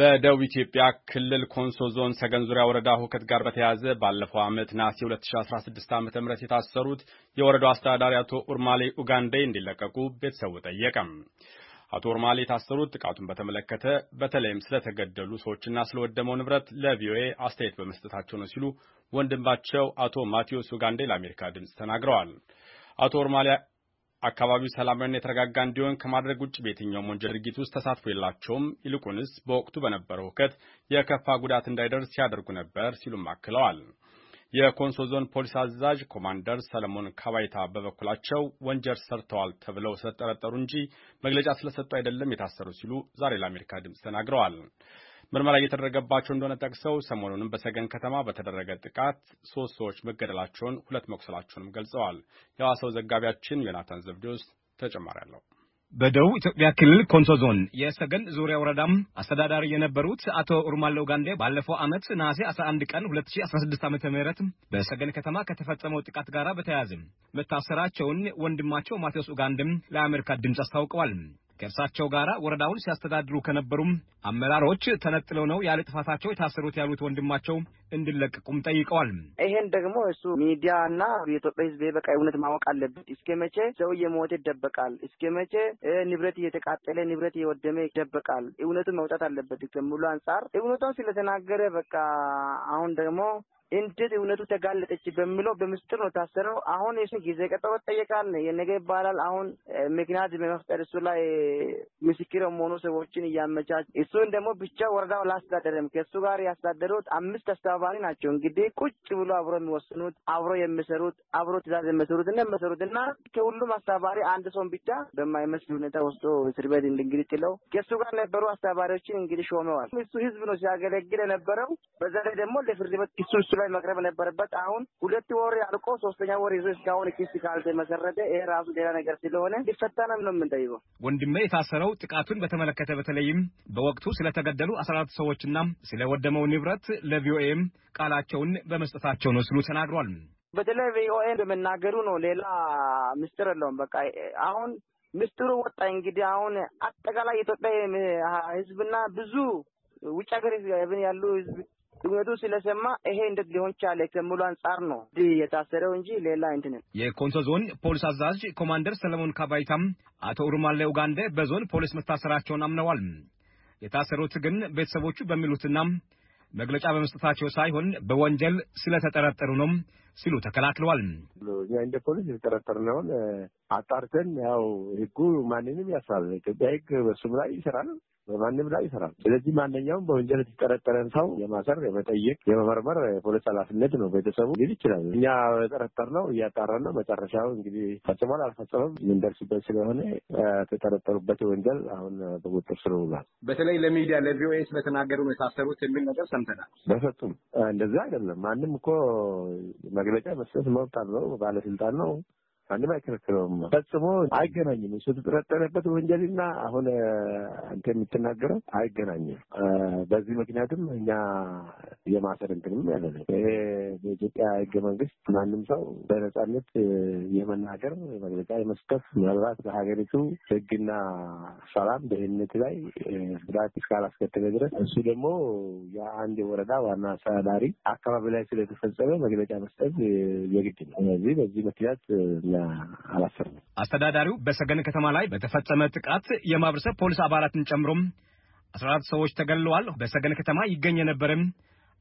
በደቡብ ኢትዮጵያ ክልል ኮንሶ ዞን ሰገን ዙሪያ ወረዳ ሁከት ጋር በተያያዘ ባለፈው ዓመት ናሲ 2016 ዓ ም የታሰሩት የወረዳው አስተዳዳሪ አቶ ኡርማሌ ኡጋንዴ እንዲለቀቁ ቤተሰቡ ጠየቀም። አቶ ኡርማሌ የታሰሩት ጥቃቱን በተመለከተ በተለይም ስለተገደሉ ሰዎችና ስለወደመው ንብረት ለቪኦኤ አስተያየት በመስጠታቸው ነው ሲሉ ወንድማቸው አቶ ማቴዎስ ኡጋንዴ ለአሜሪካ ድምፅ ተናግረዋል። አቶ ኦርማሌ አካባቢው ሰላማዊና የተረጋጋ እንዲሆን ከማድረግ ውጭ በየትኛውም ወንጀል ድርጊት ውስጥ ተሳትፎ የላቸውም፣ ይልቁንስ በወቅቱ በነበረው ሁከት የከፋ ጉዳት እንዳይደርስ ሲያደርጉ ነበር ሲሉም አክለዋል። የኮንሶ ዞን ፖሊስ አዛዥ ኮማንደር ሰለሞን ካባይታ በበኩላቸው ወንጀል ሰርተዋል ተብለው ስለተጠረጠሩ እንጂ መግለጫ ስለሰጡ አይደለም የታሰሩ ሲሉ ዛሬ ለአሜሪካ ድምፅ ተናግረዋል። ምርመራ እየተደረገባቸው እንደሆነ ጠቅሰው ሰሞኑንም በሰገን ከተማ በተደረገ ጥቃት ሶስት ሰዎች መገደላቸውን፣ ሁለት መቁሰላቸውንም ገልጸዋል። የሐዋሳው ዘጋቢያችን ዮናታን ዘብዴዎስ ተጨማሪ አለው። በደቡብ ኢትዮጵያ ክልል ኮንሶ ዞን የሰገን ዙሪያ ወረዳም አስተዳዳሪ የነበሩት አቶ ኡርማለው ጋንዴ ባለፈው ዓመት ነሐሴ 11 ቀን 2016 ዓ ም በሰገን ከተማ ከተፈጸመው ጥቃት ጋር በተያያዘ መታሰራቸውን ወንድማቸው ማቴዎስ ኡጋንድም ለአሜሪካ ድምፅ አስታውቀዋል። ከእርሳቸው ጋር ወረዳውን ሲያስተዳድሩ ከነበሩም አመራሮች ተነጥለው ነው ያለ ጥፋታቸው የታሰሩት ያሉት ወንድማቸው እንዲለቀቁም ጠይቀዋል። ይሄን ደግሞ እሱ ሚዲያ እና የኢትዮጵያ ሕዝብ በቃ እውነት ማወቅ አለበት። እስከ መቼ ሰው እየሞተ ይደበቃል? እስከ መቼ ንብረት እየተቃጠለ ንብረት እየወደመ ይደበቃል? እውነቱ መውጣት አለበት ከሚሉ አንጻር እውነቷን ስለተናገረ በቃ አሁን ደግሞ እንዴት እውነቱ ተጋለጠች በሚለው በምስጢር ነው ታሰረው። አሁን የሱ ጊዜ ቀጠሮ ጠየቃል የነገ ይባላል። አሁን ምክንያት በመፍጠር እሱ ላይ ምስክር መሆኑ ሰዎችን እያመቻች እሱን ደግሞ ብቻ ወረዳው ላስተዳደረም ከእሱ ጋር ያስተዳደሩት አምስት አስተባ ተባባሪ ናቸው። እንግዲህ ቁጭ ብሎ አብሮ የሚወስኑት አብሮ የሚሰሩት አብሮ ትእዛዝ የሚሰሩት እንደሚሰሩት እና ከሁሉም አስተባባሪ አንድ ሰውን ብቻ በማይመስል ሁኔታ ወስዶ እስር ቤት እንግዲህ ጥለው ከሱ ጋር ነበሩ አስተባባሪዎችን እንግዲህ ሾመዋል። እሱ ህዝብ ነው ሲያገለግል የነበረው። በዛ ላይ ደግሞ ለፍርድ ቤት ክሱ እሱ ላይ መቅረብ ነበረበት። አሁን ሁለት ወር ያልቆ ሶስተኛ ወር ይዞ እስካሁን ክስ ካልተመሰረተ ይሄ ራሱ ሌላ ነገር ስለሆነ ሊፈታ ነው ነው የምንጠይቀው። ወንድሜ የታሰረው ጥቃቱን በተመለከተ በተለይም በወቅቱ ስለተገደሉ አስራ አራት ሰዎችና ስለወደመው ንብረት ለቪኦኤም ቃላቸውን በመስጠታቸው ነው ሲሉ ተናግሯል። በተለይ ቪኦኤ በመናገሩ ነው። ሌላ ምስጢር የለውም። በቃ አሁን ምስጢሩ ወጣ። እንግዲህ አሁን አጠቃላይ የኢትዮጵያ ሕዝብና ብዙ ውጭ ሀገር ያሉ ሕዝብ ድግነቱ ስለሰማ ይሄ እንዴት ሊሆን ቻለ ከሙሉ አንጻር ነው የታሰረው እንጂ ሌላ እንትን። የኮንሶ ዞን ፖሊስ አዛዥ ኮማንደር ሰለሞን ካባይታም አቶ ኡርማሌ ኡጋንዴ በዞን ፖሊስ መታሰራቸውን አምነዋል። የታሰሩት ግን ቤተሰቦቹ በሚሉትና መግለጫ በመስጠታቸው ሳይሆን በወንጀል ስለተጠረጠሩ ነው ሲሉ ተከላክለዋል። እኛ እንደ ፖሊስ የተጠረጠርነውን አጣርተን ያው ህጉ ማንንም ያስራል። ኢትዮጵያ ህግ በሱም ላይ ይሰራል በማንም ላይ ይሰራል። ስለዚህ ማንኛውም በወንጀል የተጠረጠረን ሰው የማሰር የመጠየቅ፣ የመመርመር የፖሊስ ኃላፊነት ነው። ቤተሰቡ ሊል ይችላል። እኛ የጠረጠርነው እያጣራን ነው። መጨረሻው እንግዲህ ፈጽሟል አልፈጸመም የምንደርስበት ስለሆነ የተጠረጠሩበት ወንጀል አሁን በቁጥር ስር ውሏል። በተለይ ለሚዲያ ለቪኦኤስ በተናገሩ የታሰሩት የሚል ነገር ሰምተናል። በሰጡም እንደዚህ አይደለም ማንም እኮ መግለጫ መስጠት መብት አለው። ባለስልጣን ነው። አንድም አይከለክለውም። ፈጽሞ አይገናኝም። እሱ የተጠረጠረበት ወንጀልና አሁን አንተ የምትናገረው አይገናኝም። በዚህ ምክንያትም እኛ የማሰር እንትንም ያለ ነው። በኢትዮጵያ ህገ መንግስት ማንም ሰው በነጻነት የመናገር መግለጫ የመስጠት ምናልባት በሀገሪቱ ህግና ሰላም ደህንነት ላይ ጉዳት እስካላስከተለ ድረስ እሱ ደግሞ የአንድ የወረዳ ዋና አስተዳዳሪ አካባቢ ላይ ስለተፈጸመ መግለጫ መስጠት የግድ ነው። ስለዚህ በዚህ ምክንያት ነው። አስተዳዳሪው በሰገን ከተማ ላይ በተፈጸመ ጥቃት የማህበረሰብ ፖሊስ አባላትን ጨምሮም አስራ አራት ሰዎች ተገድለዋል። በሰገን ከተማ ይገኝ የነበረም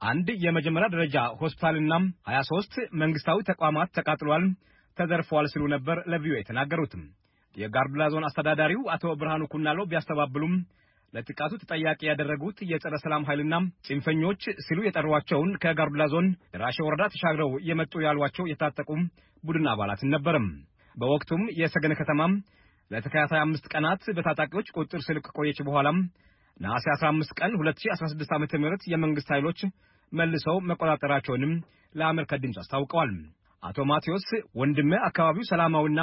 አንድ የመጀመሪያ ደረጃ ሆስፒታልና 23 መንግስታዊ ተቋማት ተቃጥሏል፣ ተዘርፈዋል ሲሉ ነበር ለቪኦኤ የተናገሩት። የጋርዱላ ዞን አስተዳዳሪው አቶ ብርሃኑ ኩናሎ ቢያስተባብሉም ለጥቃቱ ተጠያቂ ያደረጉት የጸረ ሰላም ኃይልና ጽንፈኞች ሲሉ የጠሯቸውን ከጋርዱላ ዞን ደራሼ ወረዳ ተሻግረው የመጡ ያሏቸው የታጠቁ ቡድን አባላትን ነበርም። በወቅቱም የሰገነ ከተማ ለተከታታይ አምስት ቀናት በታጣቂዎች ቁጥጥር ስር ከቆየች በኋላም ነሐሴ 15 ቀን 2016 ዓ ም የመንግሥት ኃይሎች መልሰው መቆጣጠራቸውንም ለአሜሪካ ድምፅ አስታውቀዋል። አቶ ማቴዎስ ወንድም አካባቢው ሰላማዊና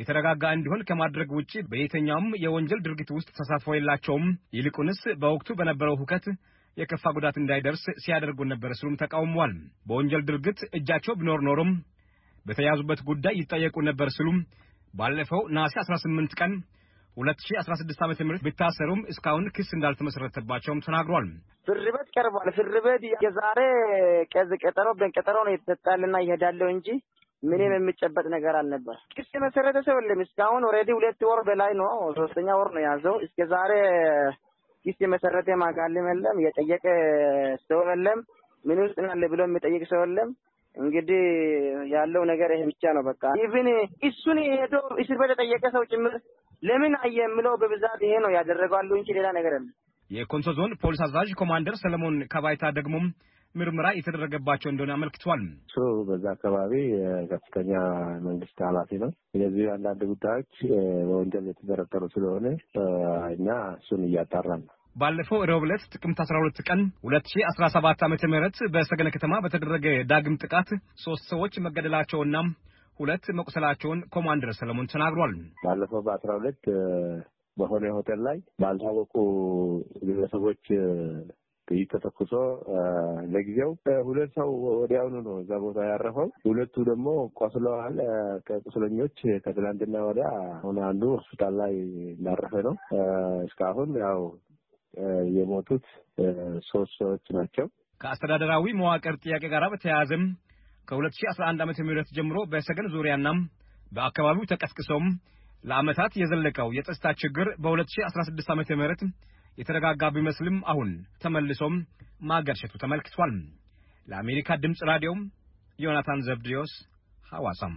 የተረጋጋ እንዲሆን ከማድረግ ውጭ በየትኛውም የወንጀል ድርጊት ውስጥ ተሳትፎ የላቸውም፣ ይልቁንስ በወቅቱ በነበረው ሁከት የከፋ ጉዳት እንዳይደርስ ሲያደርጉ ነበር ሲሉም ተቃውሟል። በወንጀል ድርጊት እጃቸው ቢኖር ኖሮም በተያዙበት ጉዳይ ይጠየቁ ነበር ሲሉም ባለፈው ነሐሴ 18 ቀን 2016 ዓ.ም ቢታሰሩም እስካሁን ክስ እንዳልተመሰረተባቸውም ተናግሯል። ፍርድ ቤት ቀርቧል። ፍርድ ቤት የዛሬ ቀዝ ቀጠሮ ብን ቀጠሮ ነው የተሰጣልና ይሄዳለው እንጂ ምንም የሚጨበጥ ነገር አልነበር። ክስ የመሰረተ ሰው የለም እስካሁን። ኦልሬዲ ሁለት ወር በላይ ነው፣ ሶስተኛ ወር ነው የያዘው። እስከ ዛሬ ክስ የመሰረተ ማጋልም የለም፣ የጠየቀ ሰው የለም። ምን ውስጥ ናለ ብሎ የሚጠይቅ ሰው የለም። እንግዲህ ያለው ነገር ይሄ ብቻ ነው። በቃ ኢቭን እሱን ሄዶ እስር ቤት የጠየቀ ሰው ጭምር ለምን አየ የምለው በብዛት ይሄ ነው ያደረገዋሉ እንጂ ሌላ ነገር የለም። የኮንሶ ዞን ፖሊስ አዛዥ ኮማንደር ሰለሞን ከባይታ ደግሞም ምርመራ የተደረገባቸው እንደሆነ አመልክቷል። እሱ በዛ አካባቢ ከፍተኛ መንግስት ኃላፊ ነው። ስለዚህ አንዳንድ ጉዳዮች በወንጀል የተጠረጠሩ ስለሆነ እኛ እሱን እያጣራን ነው። ባለፈው ረቡዕ ዕለት ጥቅምት 12 ቀን 2017 ዓ.ም በሰገነ ከተማ በተደረገ ዳግም ጥቃት ሶስት ሰዎች መገደላቸውና ሁለት መቁሰላቸውን ኮማንደር ሰለሞን ተናግሯል። ባለፈው በአስራ ሁለት በሆነ ሆቴል ላይ ባልታወቁ ግለሰቦች ጥይት ተተኩሶ ለጊዜው ሁለት ሰው ወዲያውኑ ነው እዛ ቦታ ያረፈው። ሁለቱ ደግሞ ቆስለዋል። ከቁስለኞች ከትላንትና ወዲያ አሁን አንዱ ሆስፒታል ላይ እንዳረፈ ነው። እስካሁን ያው የሞቱት ሶስት ሰዎች ናቸው። ከአስተዳደራዊ መዋቅር ጥያቄ ጋር በተያያዘም ከ2011 ዓ ም ጀምሮ በሰገን ዙሪያና በአካባቢው ተቀስቅሶም ለዓመታት የዘለቀው የጸጥታ ችግር በ2016 ዓ ም የተረጋጋ ቢመስልም አሁን ተመልሶም ማገርሸቱ ተመልክቷል። ለአሜሪካ ድምፅ ራዲዮም ዮናታን ዘብድዮስ ሐዋሳም